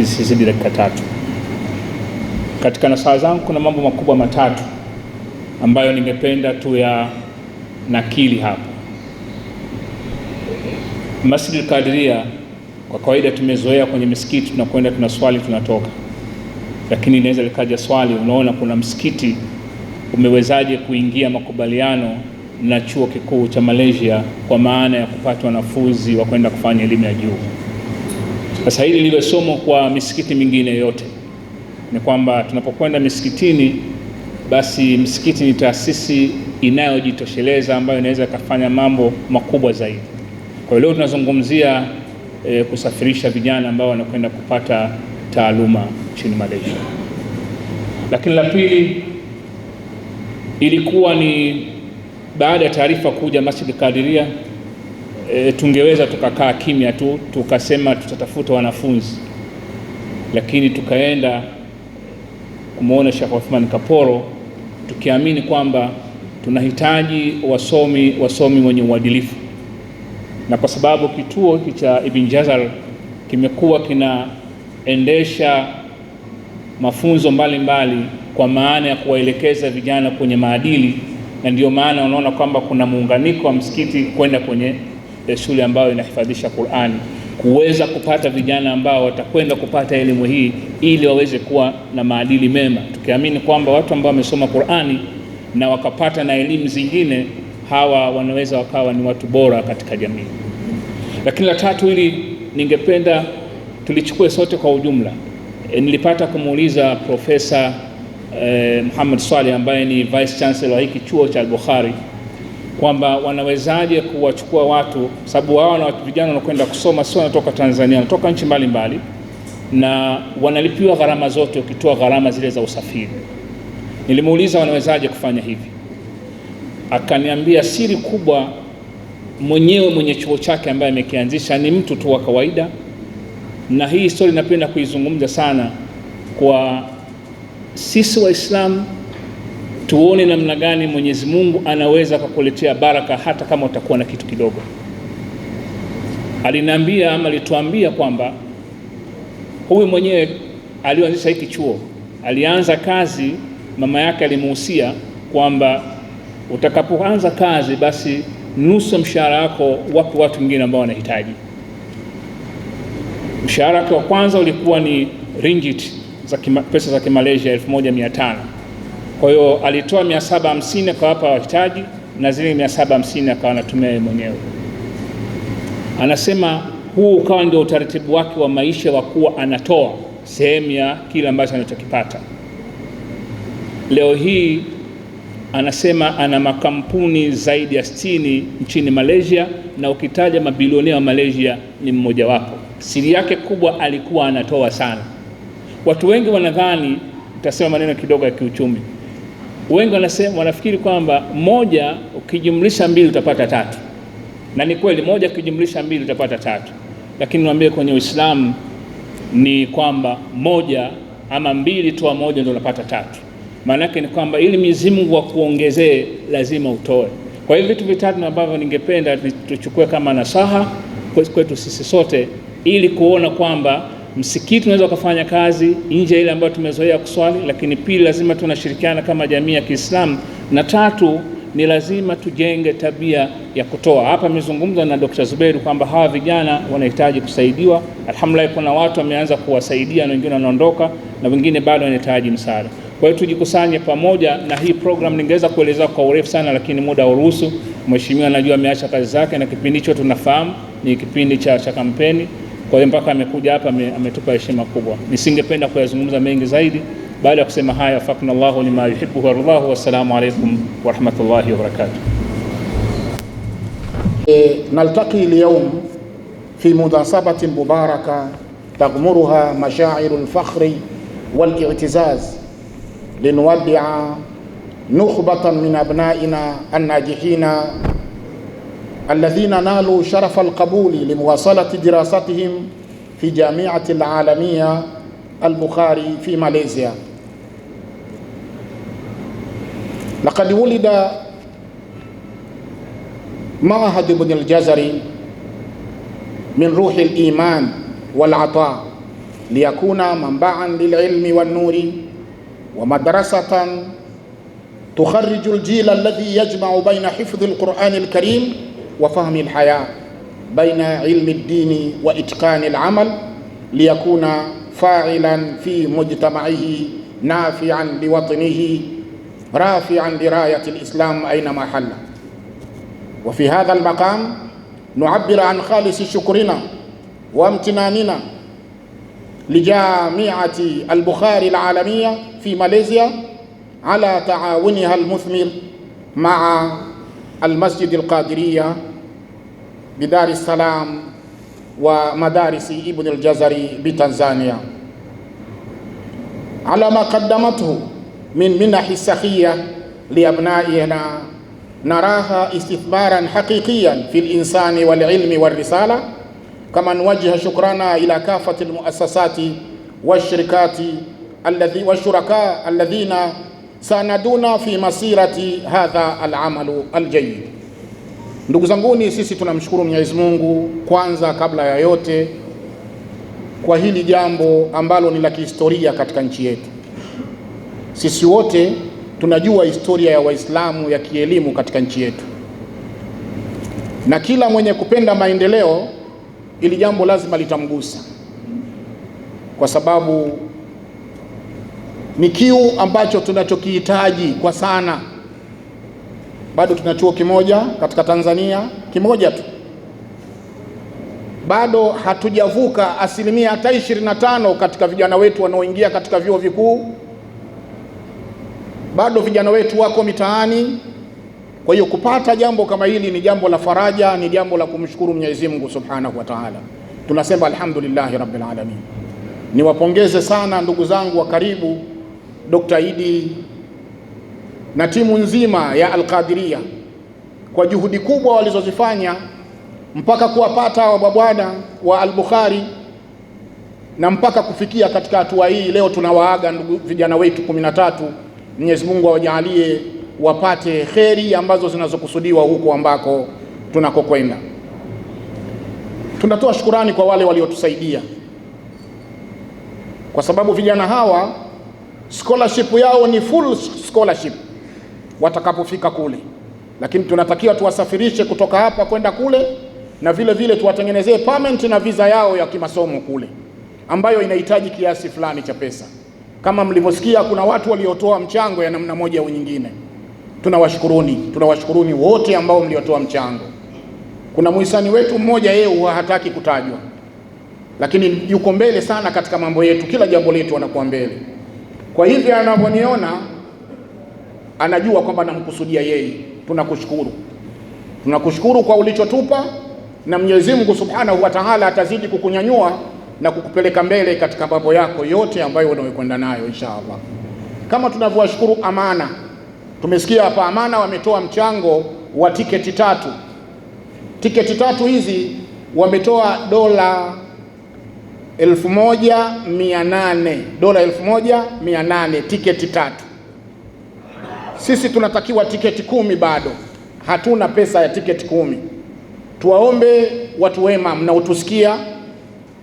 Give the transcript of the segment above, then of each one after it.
isizidi dakika tatu. Katika nasaha zangu kuna mambo makubwa matatu ambayo nimependa tu ya nakili hapa. Masjid Kadiria, kwa kawaida tumezoea kwenye misikiti tunakwenda, tunaswali, tunatoka, lakini inaweza likaja swali, unaona kuna msikiti umewezaje kuingia makubaliano na chuo kikuu cha Malaysia kwa maana ya kupata wanafunzi wa kwenda kufanya elimu ya juu. Sasa hili liwe somo kwa misikiti mingine yote, ni kwamba tunapokwenda misikitini, basi msikiti ni taasisi inayojitosheleza ambayo inaweza ikafanya mambo makubwa zaidi. Kwa hiyo leo tunazungumzia e, kusafirisha vijana ambao wanakwenda kupata taaluma nchini Malaysia. Lakini la pili ilikuwa ni baada ya taarifa kuja Masjid Kadiria e, tungeweza tukakaa kimya tu tukasema tutatafuta wanafunzi, lakini tukaenda kumwona Sheikh Othman Kaporo tukiamini kwamba tunahitaji wasomi wasomi wenye uadilifu, na kwa sababu kituo hiki cha Ibn Jazar kimekuwa kinaendesha mafunzo mbalimbali mbali, kwa maana ya kuwaelekeza vijana kwenye maadili, na ndio maana unaona kwamba kuna muunganiko wa msikiti kwenda kwenye ya eh, shule ambayo inahifadhisha Qur'an, kuweza kupata vijana ambao watakwenda kupata elimu hii ili waweze kuwa na maadili mema, tukiamini kwamba watu ambao wamesoma Qur'ani na wakapata na elimu zingine, hawa wanaweza wakawa ni watu bora katika jamii. Lakini la tatu, ili ningependa tulichukue sote kwa ujumla. E, nilipata kumuuliza Profesa eh, Muhammad Swali ambaye ni Vice Chancellor wa hiki chuo cha Al-Bukhari kwamba wanawezaje kuwachukua watu, sababu hawa na vijana wanakwenda kusoma sio wanatoka Tanzania, wanatoka nchi mbalimbali na wanalipiwa gharama zote, ukitoa gharama zile za usafiri. Nilimuuliza wanawezaje kufanya hivi, akaniambia siri kubwa mwenyewe mwenye chuo chake ambaye amekianzisha ni mtu tu wa kawaida, na hii story napenda kuizungumza sana kwa sisi Waislamu tuone namna gani Mwenyezi Mungu anaweza kukuletea baraka hata kama utakuwa na kitu kidogo. Aliniambia ama alituambia kwamba huyu mwenyewe alioanzisha hiki chuo alianza kazi, mama yake alimuhusia kwamba utakapoanza kazi, basi nusu mshahara wako wape watu wengine ambao wanahitaji. Mshahara wake wa kwanza ulikuwa ni ringgit za pesa za Kimalaysia 1500 kwa hiyo alitoa 750 akawapa wahitaji na zile 750 akawa anatumia yeye mwenyewe. Anasema huu ukawa ndio utaratibu wake wa maisha wa kuwa anatoa sehemu ya kile ambacho anachokipata. Leo hii anasema ana makampuni zaidi ya 60 nchini Malaysia, na ukitaja mabilionea wa Malaysia ni mmojawapo. Siri yake kubwa alikuwa anatoa sana. Watu wengi wanadhani, utasema maneno kidogo ya kiuchumi. Wengi wanasema wanafikiri kwamba moja ukijumlisha mbili utapata tatu, na ni kweli, moja ukijumlisha mbili utapata tatu, lakini niwaambie kwenye Uislamu ni kwamba moja ama mbili toa moja ndio unapata tatu. Maanake ni kwamba ili mizimu wa kuongezee lazima utoe. Kwa hivyo vitu vitatu ambavyo ningependa tuchukue kama nasaha kwetu sisi sote, ili kuona kwamba Msikiti unaweza ukafanya kazi nje ya ile ambayo tumezoea kuswali, lakini pili, lazima tunashirikiana kama jamii ya Kiislamu, na tatu ni lazima tujenge tabia ya kutoa. Hapa amezungumza na Dr. Zuberi kwamba hawa vijana wanahitaji kusaidiwa. Alhamdulillah, kuna watu wameanza kuwasaidia na wengine wanaondoka na wengine bado wanahitaji msaada. Kwa hiyo tujikusanye pamoja, na hii program ningeweza kueleza kwa urefu sana, lakini muda hauruhusu. Mheshimiwa najua ameacha kazi zake, na kipindi hicho tunafahamu ni kipindi cha, cha kampeni. Kwa hiyo mpaka amekuja hapa ametupa heshima kubwa. Nisingependa kuyazungumza mengi zaidi. Baada ya kusema haya, fakunallahu lima yuhibbu wa yardahu. Wassalamu alaykum wa rahmatullahi wa barakatuh. E, naltaqi al fi munasabatin mubaraka taghmuruha mashairu al walitizaz linwadia linuwaddia nukhbatan min abnaina an-najihina الذين نالوا شرف القبول لمواصلة دراستهم في جامعة العالمية البخاري في ماليزيا لقد ولد معهد بن الجزري من روح الإيمان والعطاء ليكون منبعا للعلم والنور ومدرسة تخرج الجيل الذي يجمع بين حفظ القرآن الكريم وفهم الحياة بين علم الدين وإتقان العمل ليكون فاعلا في مجتمعه نافعا لوطنه رافعا لراية الإسلام أينما حل وفي هذا المقام نعبر عن خالص شكرنا وامتناننا لجامعة البخاري العالمية في ماليزيا على تعاونها المثمر مع المسجد القادرية بدار السلام ومدارس ابن الجزري بتنزانيا على ما قدمته من منح السخية لأبنائنا نراها استثمارا حقيقيا في الإنسان والعلم والرسالة كما نوجه شكرنا إلى كافة المؤسسات والشركات الذي والشركاء الذين sanaduna fi masirati hadha alamalu aljayid. Ndugu zanguni, sisi tunamshukuru Mwenyezi Mungu kwanza kabla ya yote kwa hili jambo ambalo ni la kihistoria katika nchi yetu. Sisi wote tunajua historia ya Waislamu ya kielimu katika nchi yetu, na kila mwenye kupenda maendeleo ili jambo lazima litamgusa kwa sababu ni kiu ambacho tunachokihitaji kwa sana. Bado tuna chuo kimoja katika Tanzania, kimoja tu, bado hatujavuka asilimia hata 25 katika vijana wetu wanaoingia katika vyuo vikuu. Bado vijana wetu wako mitaani. Kwa hiyo kupata jambo kama hili ni jambo la faraja, ni jambo la kumshukuru Mwenyezi Mungu Subhanahu wa Ta'ala. Tunasema alhamdulillahi rabbil alamin. Niwapongeze sana ndugu zangu wa karibu Dr. Idi na timu nzima ya Al-Qadiria kwa juhudi kubwa walizozifanya mpaka kuwapata wababwana wa Al-Bukhari na mpaka kufikia katika hatua hii leo. Tunawaaga ndugu vijana wetu kumi na tatu. Mwenyezi Mungu awajalie wapate kheri ambazo zinazokusudiwa huko ambako tunakokwenda. Tunatoa shukurani kwa wale waliotusaidia, kwa sababu vijana hawa scholarship yao ni full scholarship watakapofika kule, lakini tunatakiwa tuwasafirishe kutoka hapa kwenda kule, na vile vile tuwatengenezee permit na visa yao ya kimasomo kule, ambayo inahitaji kiasi fulani cha pesa. Kama mlivyosikia, kuna watu waliotoa mchango ya namna moja au nyingine. Tunawashukuruni, tunawashukuruni wote ambao mliotoa mchango. Kuna muhisani wetu mmoja, yeye huwa hataki kutajwa, lakini yuko mbele sana katika mambo yetu, kila jambo letu anakuwa mbele. Kwa hivyo anavyoniona anajua kwamba namkusudia yeye. Tunakushukuru, tunakushukuru kwa ulichotupa, na Mwenyezi Mungu Subhanahu wa Ta'ala atazidi kukunyanyua na kukupeleka mbele katika mambo yako yote ambayo unayokwenda nayo insha Allah. Kama tunavyowashukuru Amana, tumesikia hapa Amana wametoa mchango wa tiketi tatu. Tiketi tatu hizi wametoa dola elfu moja mia nane dola elfu moja mia nane tiketi tatu. Sisi tunatakiwa tiketi kumi, bado hatuna pesa ya tiketi kumi. Tuwaombe watu wema mnaotusikia,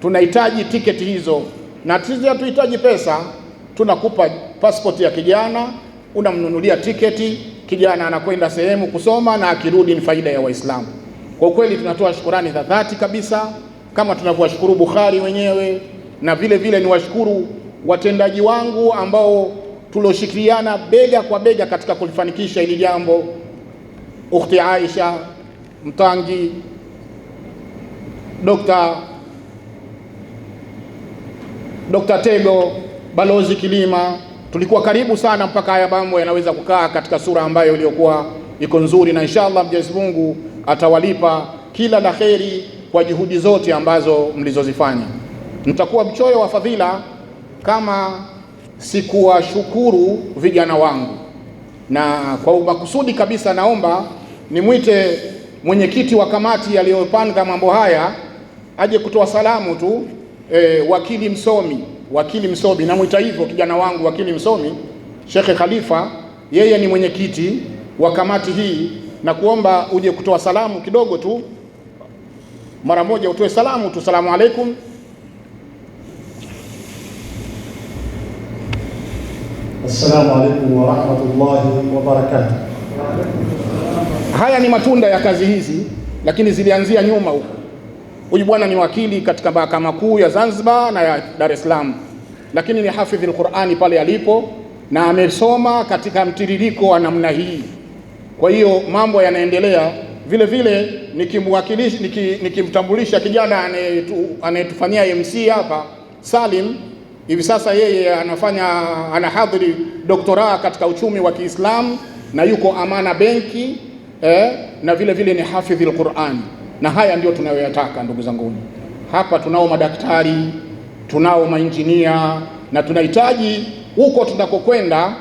tunahitaji tiketi hizo, na sisi hatuhitaji pesa, tunakupa pasipoti ya kijana, unamnunulia tiketi, kijana anakwenda sehemu kusoma na akirudi ni faida ya Waislamu. Kwa ukweli tunatoa shukurani za dhati kabisa kama tunavyowashukuru Bukhari wenyewe, na vile vile niwashukuru watendaji wangu ambao tulioshikiliana bega kwa bega katika kulifanikisha hili jambo, ukhti Aisha Mtangi, Dr. Dr. Tego, Balozi Kilima, tulikuwa karibu sana mpaka haya mambo yanaweza kukaa katika sura ambayo iliyokuwa iko nzuri, na inshallah Mwenyezi Mungu atawalipa kila la kheri kwa juhudi zote ambazo mlizozifanya. Mtakuwa mchoyo wa fadhila kama sikuwashukuru vijana wangu, na kwa makusudi kabisa naomba nimwite mwenyekiti wa kamati aliyopanga mambo haya aje kutoa salamu tu. E, wakili msomi, wakili msomi namwita hivyo kijana wangu, wakili msomi Shekhe Khalifa, yeye ni mwenyekiti wa kamati hii, na kuomba uje kutoa salamu kidogo tu mara moja utoe salamu tu, salamu alaikum, assalamu alaikum wa rahmatullahi wa barakatuh. Haya ni matunda ya kazi hizi, lakini zilianzia nyuma huko. Huyu bwana ni wakili katika mahakama kuu ya Zanzibar na ya Dar es Salaam, lakini ni hafidhi Qur'ani pale alipo na amesoma katika mtiririko wa namna hii. Kwa hiyo mambo yanaendelea. Vile vile nikimwakilisha niki, nikimtambulisha kijana anayetufanyia MC hapa Salim, hivi sasa yeye anafanya anahadhiri doktora katika uchumi wa Kiislamu na yuko Amana Benki eh, na vile vile ni hafidhi Qur'an, na haya ndio tunayoyataka ndugu zanguni. Hapa tunao madaktari, tunao mainjinia na tunahitaji huko tunakokwenda,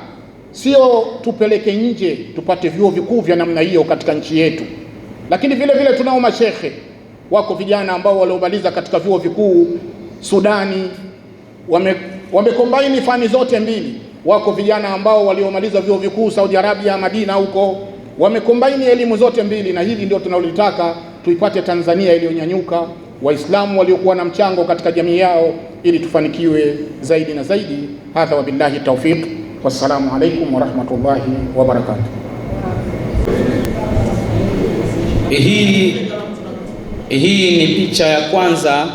sio tupeleke nje, tupate vyuo vikuu vya namna hiyo katika nchi yetu. Lakini vile vile tunao mashekhe, wako vijana ambao waliomaliza katika vyuo vikuu Sudani, wame wamekombaini fani zote mbili. Wako vijana ambao waliomaliza vyuo vikuu Saudi Arabia, Madina huko, wamekombaini elimu zote mbili, na hili ndio tunalolitaka tuipate Tanzania iliyonyanyuka, Waislamu waliokuwa na mchango katika jamii yao, ili tufanikiwe zaidi na zaidi. Hadha, wabillahi taufiq, wassalamu alaikum warahmatullahi wabarakatuh. Hii, hii ni picha ya kwanza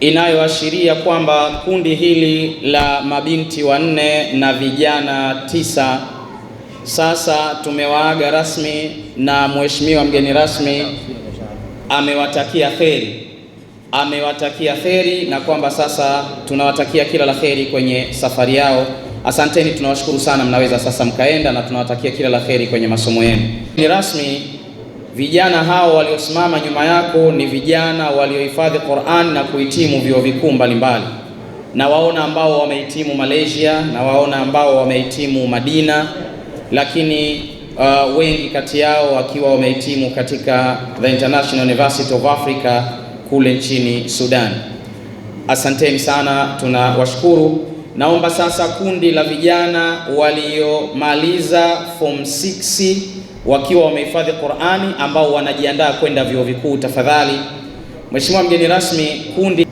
inayoashiria kwamba kundi hili la mabinti wanne na vijana tisa sasa tumewaaga rasmi na mheshimiwa mgeni rasmi amewatakia kheri, amewatakia kheri na kwamba sasa tunawatakia kila la kheri kwenye safari yao. Asanteni, tunawashukuru sana, mnaweza sasa mkaenda, na tunawatakia kila la kheri kwenye masomo yenu. Ni rasmi Vijana hao waliosimama nyuma yako ni vijana waliohifadhi Qur'an na kuhitimu vyuo vikuu mbalimbali, na waona ambao wamehitimu Malaysia na waona ambao wamehitimu Madina, lakini uh, wengi kati yao wakiwa wamehitimu katika the International University of Africa kule nchini Sudan. Asanteni sana, tunawashukuru. Naomba sasa kundi la vijana waliomaliza form 6 wakiwa wamehifadhi Qur'ani ambao wanajiandaa kwenda vyuo vikuu, tafadhali Mheshimiwa mgeni rasmi, kundi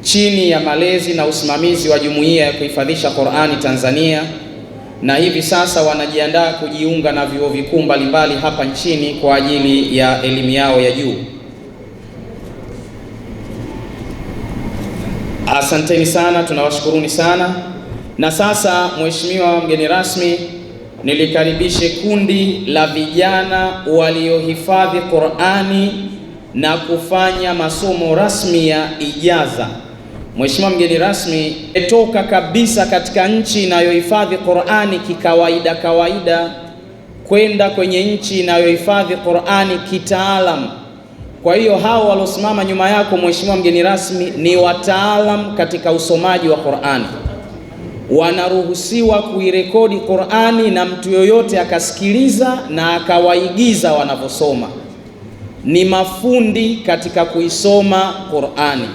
chini ya malezi na usimamizi wa Jumuiya ya Kuhifadhisha Qur'ani Tanzania, na hivi sasa wanajiandaa kujiunga na vyuo vikuu mbalimbali hapa nchini kwa ajili ya elimu yao ya juu. Asanteni sana, tunawashukuruni sana. Na sasa, Mheshimiwa mgeni rasmi, nilikaribishe kundi la vijana waliohifadhi Qur'ani na kufanya masomo rasmi ya ijaza. Mheshimiwa mgeni rasmi, etoka kabisa katika nchi inayohifadhi Qur'ani kikawaida kawaida kwenda kwenye nchi inayohifadhi Qur'ani kitaalam kwa hiyo hao waliosimama nyuma yako, mheshimiwa mgeni rasmi, ni wataalam katika usomaji wa Qur'ani, wanaruhusiwa kuirekodi Qur'ani na mtu yoyote akasikiliza na akawaigiza wanavyosoma. Ni mafundi katika kuisoma Qur'ani.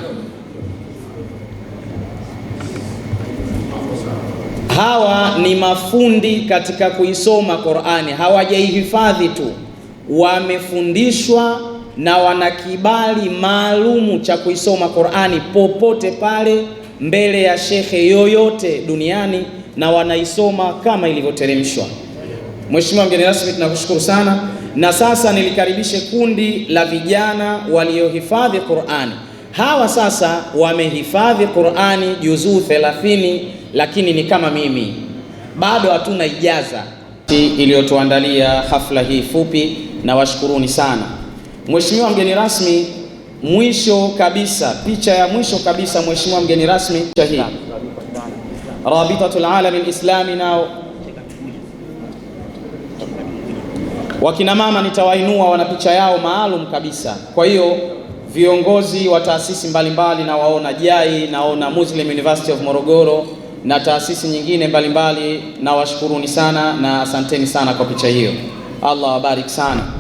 Hawa ni mafundi katika kuisoma Qur'ani, hawajaihifadhi tu, wamefundishwa na wana kibali maalumu cha kuisoma Qur'ani popote pale mbele ya shekhe yoyote duniani na wanaisoma kama ilivyoteremshwa. Mheshimiwa mgeni rasmi, tunakushukuru sana, na sasa nilikaribishe kundi la vijana waliohifadhi Qur'ani. Hawa sasa wamehifadhi Qur'ani juzuu 30 lakini ni kama mimi bado hatuna ijaza iliyotuandalia hafla hii fupi, na washukuruni sana. Mheshimiwa mgeni rasmi, mwisho kabisa, picha ya mwisho kabisa, Mheshimiwa mgeni rasmi, hii Rabitatul Alami Lislami nao wakina mama nitawainua, wana picha yao maalum kabisa. Kwa hiyo viongozi wa taasisi mbalimbali nawaona JAI, naona Muslim University of Morogoro na taasisi nyingine mbalimbali, nawashukuruni sana na asanteni sana kwa picha hiyo. Allah wabarik sana.